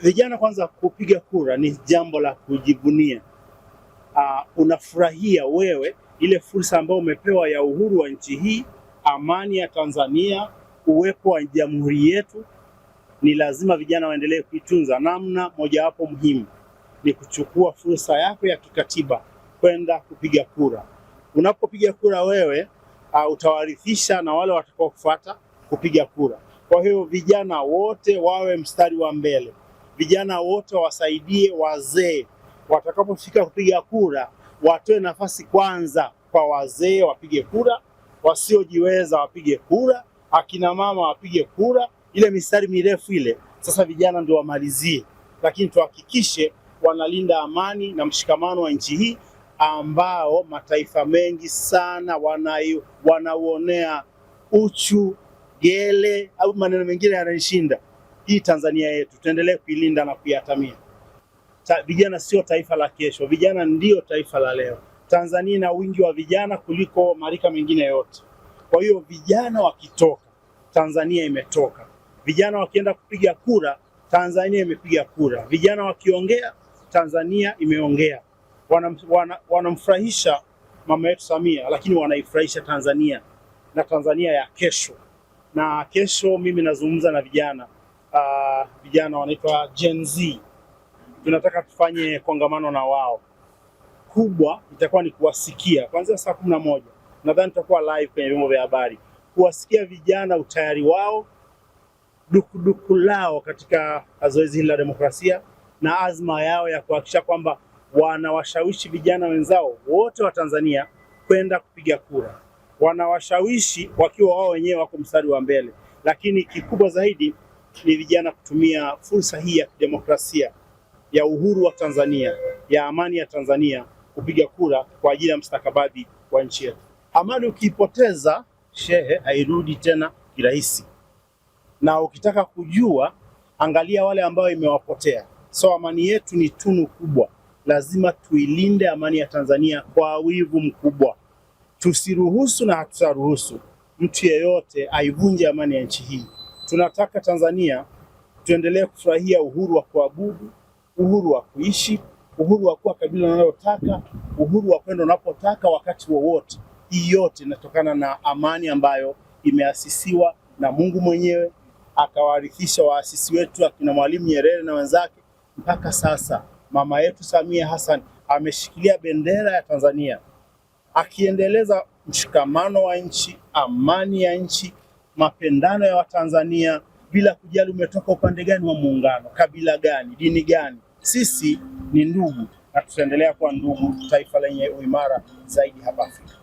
Vijana kwanza, kupiga kura ni jambo la kujivunia. Uh, unafurahia wewe ile fursa ambayo umepewa ya uhuru wa nchi hii, amani ya Tanzania, uwepo wa jamhuri yetu. Ni lazima vijana waendelee kuitunza. Namna mojawapo muhimu ni kuchukua fursa yako ya kikatiba kwenda kupiga kura. Unapopiga kura wewe, uh, utawarithisha na wale watakaofuata kupiga kura. Kwa hiyo vijana wote wawe mstari wa mbele vijana wote wasaidie wazee, watakapofika kupiga kura watoe nafasi kwanza kwa wazee wapige kura, wasiojiweza wapige kura, akina mama wapige kura, ile mistari mirefu ile sasa vijana ndio wamalizie, lakini tuhakikishe wanalinda amani na mshikamano wa nchi hii ambao mataifa mengi sana wanauonea uchu gele au maneno mengine yanaishinda hii Tanzania yetu, tuendelee kuilinda na kuiatamia. Ta, vijana sio taifa la kesho, vijana ndiyo taifa la leo. Tanzania ina wingi wa vijana kuliko marika mengine yote. Kwa hiyo vijana wakitoka, Tanzania imetoka. Vijana wakienda kupiga kura, Tanzania imepiga kura. Vijana wakiongea, Tanzania imeongea. Wanamfurahisha wana, wanamfurahisha mama yetu Samia, lakini wanaifurahisha Tanzania na Tanzania ya kesho. Na kesho mimi nazungumza na vijana Ah, vijana uh, wanaitwa Gen Z. Tunataka tufanye kongamano na wao kubwa, itakuwa ni kuwasikia kuanzia saa kumi na moja nadhani tutakuwa live kwenye vyombo vya habari kuwasikia vijana utayari wao dukuduku lao katika zoezi hili la demokrasia na azma yao ya kuhakikisha kwamba wanawashawishi vijana wenzao wote wa Tanzania kwenda kupiga kura, wanawashawishi wakiwa wao wenyewe wako mstari wa mbele, lakini kikubwa zaidi ni vijana kutumia fursa hii ya kidemokrasia ya uhuru wa Tanzania ya amani ya Tanzania kupiga kura kwa ajili ya mstakabadhi wa nchi yetu. Amani ukiipoteza shehe, hairudi tena kirahisi, na ukitaka kujua, angalia wale ambao imewapotea. So amani yetu ni tunu kubwa, lazima tuilinde amani ya Tanzania kwa wivu mkubwa. Tusiruhusu na hatutaruhusu mtu yeyote aivunje amani ya nchi hii. Tunataka Tanzania tuendelee kufurahia uhuru wa kuabudu, uhuru wa kuishi, uhuru wa kuwa kabila unalotaka, uhuru wa kwenda unapotaka wakati wowote. Hii yote inatokana na amani ambayo imeasisiwa na Mungu mwenyewe akawarithisha waasisi wetu akina Mwalimu Nyerere na wenzake mpaka sasa. Mama yetu Samia Hassan ameshikilia bendera ya Tanzania akiendeleza mshikamano wa nchi, amani ya nchi mapendano ya Watanzania bila kujali umetoka upande gani wa muungano, kabila gani, dini gani, sisi ni ndugu na tutaendelea kuwa ndugu, taifa lenye uimara zaidi hapa Afrika.